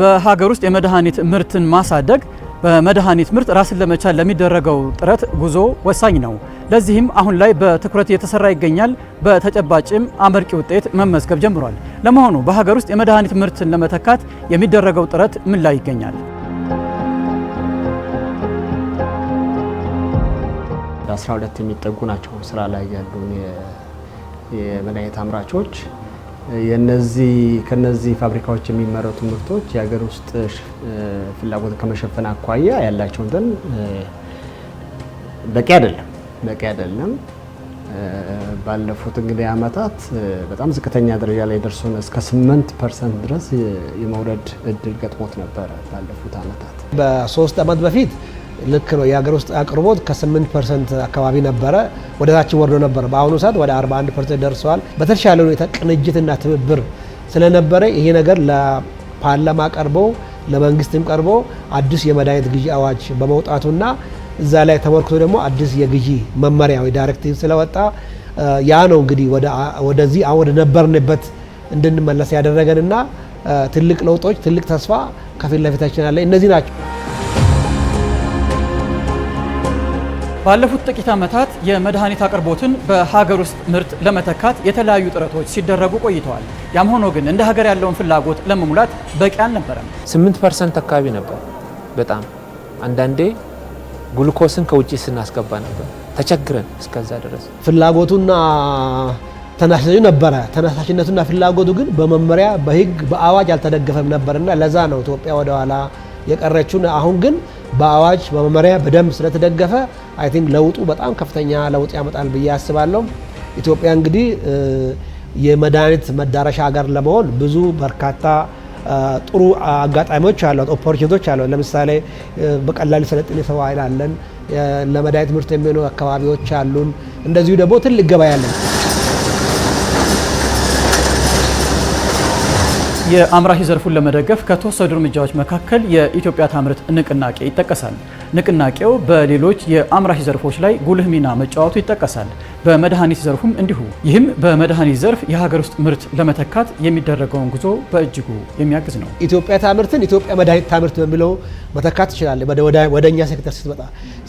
በሀገር ውስጥ የመድኃኒት ምርትን ማሳደግ በመድኃኒት ምርት ራስን ለመቻል ለሚደረገው ጥረት ጉዞ ወሳኝ ነው። ለዚህም አሁን ላይ በትኩረት እየተሰራ ይገኛል። በተጨባጭም አመርቂ ውጤት መመዝገብ ጀምሯል። ለመሆኑ በሀገር ውስጥ የመድኃኒት ምርትን ለመተካት የሚደረገው ጥረት ምን ላይ ይገኛል? በ ሁለት የሚጠጉ ናቸው ስራ ላይ ያሉ የመድኃኒት አምራቾች የነዚህ ከነዚህ ፋብሪካዎች የሚመረቱ ምርቶች የሀገር ውስጥ ፍላጎት ከመሸፈን አኳያ ያላቸው እንትን በቂ አይደለም በቂ አይደለም። ባለፉት እንግዲህ ዓመታት በጣም ዝቅተኛ ደረጃ ላይ ደርሶ እስከ 8 ፐርሰንት ድረስ የመውረድ እድል ገጥሞት ነበረ ባለፉት ዓመታት በሶስት ዓመት በፊት ልክ ነው። የሀገር ውስጥ አቅርቦት ከ8 ፐርሰንት አካባቢ ነበረ ወደ ታች ወርዶ ነበረ። በአሁኑ ሰዓት ወደ 41 ፐርሰንት ደርሰዋል። በተሻለ ሁኔታ ቅንጅትና ትብብር ስለነበረ ይሄ ነገር ለፓርላማ ቀርቦ ለመንግስትም ቀርቦ አዲስ የመድኃኒት ግዢ አዋጅ በመውጣቱና እዛ ላይ ተመርክቶ ደግሞ አዲስ የግዢ መመሪያ ወይ ዳይሬክቲቭ ስለወጣ ያ ነው እንግዲህ ወደዚህ ወደ ነበርንበት እንድንመለስ ያደረገንና ትልቅ ለውጦች፣ ትልቅ ተስፋ ከፊት ለፊታችን አለ። እነዚህ ናቸው። ባለፉት ጥቂት ዓመታት የመድኃኒት አቅርቦትን በሀገር ውስጥ ምርት ለመተካት የተለያዩ ጥረቶች ሲደረጉ ቆይተዋል። ያም ሆኖ ግን እንደ ሀገር ያለውን ፍላጎት ለመሙላት በቂ አልነበረም። ስምንት ፐርሰንት አካባቢ ነበር። በጣም አንዳንዴ ግሉኮስን ከውጭ ስናስገባ ነበር ተቸግረን። እስከዛ ድረስ ፍላጎቱና ተነሳሽነቱ ነበረ። ተነሳሽነቱና ፍላጎቱ ግን በመመሪያ በህግ በአዋጅ አልተደገፈም ነበርና ለዛ ነው ኢትዮጵያ ወደኋላ የቀረችውን አሁን ግን በአዋጅ በመመሪያ በደንብ ስለተደገፈ አይ ቲንክ ለውጡ በጣም ከፍተኛ ለውጥ ያመጣል ብዬ አስባለሁ። ኢትዮጵያ እንግዲህ የመድኃኒት መዳረሻ ሀገር ለመሆን ብዙ በርካታ ጥሩ አጋጣሚዎች አሏት፣ ኦፖርቹኒቲዎች አሏት። ለምሳሌ በቀላል ሰለጥን የሰው ኃይል አለን፣ ለመድኃኒት ምርት የሚሆኑ አካባቢዎች አሉን። እንደዚሁ ደግሞ ትልቅ ገበያ አለን። የአምራች ዘርፉን ለመደገፍ ከተወሰዱ እርምጃዎች መካከል የኢትዮጵያ ታምርት ንቅናቄ ይጠቀሳል። ንቅናቄው በሌሎች የአምራች ዘርፎች ላይ ጉልህ ሚና መጫወቱ ይጠቀሳል። በመድኃኒት ዘርፉም እንዲሁ። ይህም በመድኃኒት ዘርፍ የሀገር ውስጥ ምርት ለመተካት የሚደረገውን ጉዞ በእጅጉ የሚያግዝ ነው። ኢትዮጵያ ታምርትን ኢትዮጵያ መድኃኒት ታምርት በሚለው መተካት ይችላል ወደ እኛ ሴክተር ስትመጣ።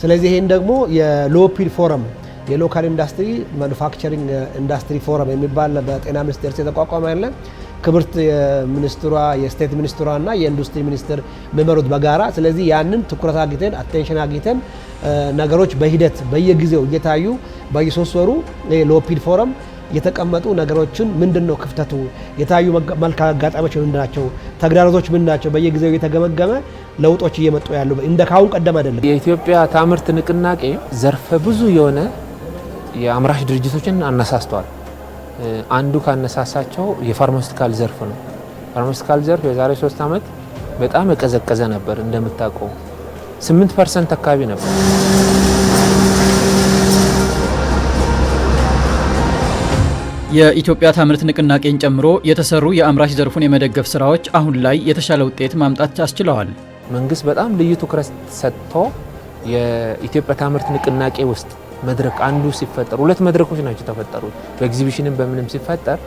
ስለዚህ ይህን ደግሞ የሎፒል ፎረም የሎካል ኢንዱስትሪ ማኑፋክቸሪንግ ኢንዱስትሪ ፎረም የሚባል በጤና ሚኒስቴር የተቋቋመ ያለ ክብርት ሚኒስትሯ የስቴት ሚኒስትሯ እና የኢንዱስትሪ ሚኒስትር የሚመሩት በጋራ ስለዚህ ያንን ትኩረት አግኝተን አቴንሽን አግኝተን ነገሮች በሂደት በየጊዜው እየታዩ በየሶስት ወሩ ሎፒድ ፎረም የተቀመጡ ነገሮችን ምንድን ነው ክፍተቱ፣ የታዩ መልካም አጋጣሚዎች ምንድን ናቸው፣ ተግዳሮቶች ምንድን ናቸው፣ በየጊዜው እየተገመገመ ለውጦች እየመጡ ያሉ እንደ ካሁን ቀደም አይደለም። የኢትዮጵያ ታምርት ንቅናቄ ዘርፈ ብዙ የሆነ የአምራች ድርጅቶችን አነሳስተዋል። አንዱ ካነሳሳቸው የፋርማስቲካል ዘርፍ ነው። ፋርማስቲካል ዘርፍ የዛሬ ሶስት ዓመት በጣም የቀዘቀዘ ነበር እንደምታውቀው፣ 8 ፐርሰንት አካባቢ ነበር። የኢትዮጵያ ታምርት ንቅናቄን ጨምሮ የተሰሩ የአምራች ዘርፉን የመደገፍ ስራዎች አሁን ላይ የተሻለ ውጤት ማምጣት አስችለዋል። መንግስት በጣም ልዩ ትኩረት ሰጥቶ የኢትዮጵያ ታምርት ንቅናቄ ውስጥ መድረክ አንዱ ሲፈጠር ሁለት መድረኮች ናቸው የተፈጠሩት። በኤግዚቢሽንም በምንም ሲፈጠር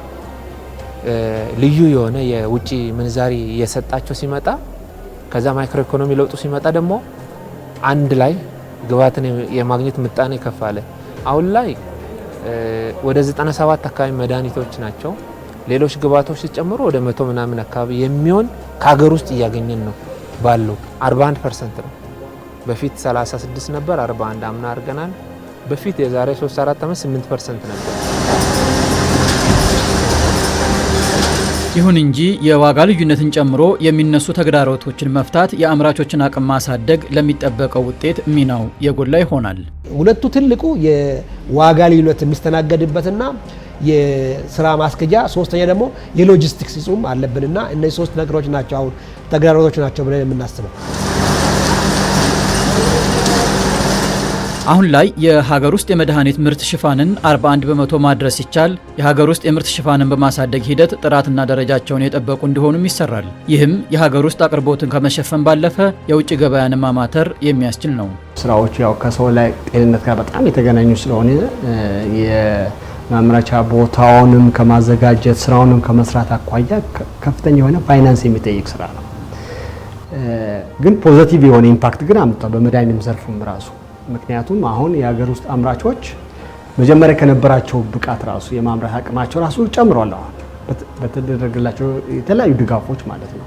ልዩ የሆነ የውጭ ምንዛሪ እየሰጣቸው ሲመጣ ከዛ ማይክሮ ኢኮኖሚ ለውጡ ሲመጣ ደግሞ አንድ ላይ ግብዓትን የማግኘት ምጣኔ ይከፋለ አሁን ላይ ወደ 97 አካባቢ መድኃኒቶች ናቸው። ሌሎች ግብዓቶች ሲጨምሩ ወደ መቶ ምናምን አካባቢ የሚሆን ከሀገር ውስጥ እያገኘን ነው ባለው 41 ፐርሰንት ነው። በፊት 36 ነበር፣ 41 አምና አድርገናል። በፊት የዛሬ 3 4 ዓመት 8 ፐርሰንት ነበር። ይሁን እንጂ የዋጋ ልዩነትን ጨምሮ የሚነሱ ተግዳሮቶችን መፍታት፣ የአምራቾችን አቅም ማሳደግ ለሚጠበቀው ውጤት ሚናው የጎላ ይሆናል። ሁለቱ ትልቁ የዋጋ ልዩነት የሚስተናገድበትና የስራ ማስኬጃ፣ ሶስተኛ ደግሞ የሎጂስቲክስ ይጹም አለብንና እነዚህ ሶስት ነገሮች ናቸው አሁን ተግዳሮቶች ናቸው ብለን የምናስበው። አሁን ላይ የሀገር ውስጥ የመድኃኒት ምርት ሽፋንን 41 በመቶ ማድረስ ሲቻል የሀገር ውስጥ የምርት ሽፋንን በማሳደግ ሂደት ጥራትና ደረጃቸውን የጠበቁ እንዲሆኑም ይሰራል። ይህም የሀገር ውስጥ አቅርቦትን ከመሸፈን ባለፈ የውጭ ገበያን ማማተር የሚያስችል ነው። ስራዎች ያው ከሰው ላይ ጤንነት ጋር በጣም የተገናኙ ስለሆነ የማምረቻ ቦታውንም ከማዘጋጀት ስራውንም ከመስራት አኳያ ከፍተኛ የሆነ ፋይናንስ የሚጠይቅ ስራ ነው። ግን ፖዘቲቭ የሆነ ኢምፓክት ግን አምጥቷል በመድኃኒትም ዘርፉም ራሱ ምክንያቱም አሁን የሀገር ውስጥ አምራቾች መጀመሪያ ከነበራቸው ብቃት ራሱ የማምረት አቅማቸው ራሱ ጨምሯል። አሁን በተደረገላቸው የተለያዩ ድጋፎች ማለት ነው።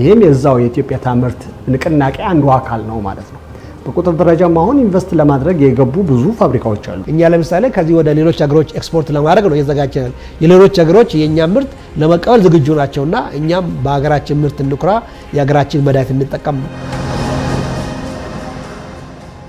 ይህም የዛው የኢትዮጵያ ታምርት ንቅናቄ አንዱ አካል ነው ማለት ነው። በቁጥር ደረጃም አሁን ኢንቨስት ለማድረግ የገቡ ብዙ ፋብሪካዎች አሉ። እኛ ለምሳሌ ከዚህ ወደ ሌሎች ሀገሮች ኤክስፖርት ለማድረግ ነው የዘጋጀናል። የሌሎች ሀገሮች የእኛ ምርት ለመቀበል ዝግጁ ናቸውና እኛም በሀገራችን ምርት እንኩራ፣ የሀገራችን መድኃኒት እንጠቀም።